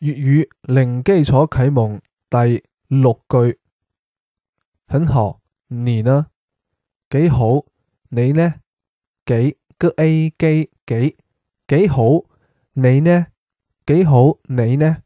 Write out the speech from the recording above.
粵語零基礎啟蒙第六句，很好，你呢？幾好？你呢？幾個 A 幾幾幾好？你呢？幾好？你呢？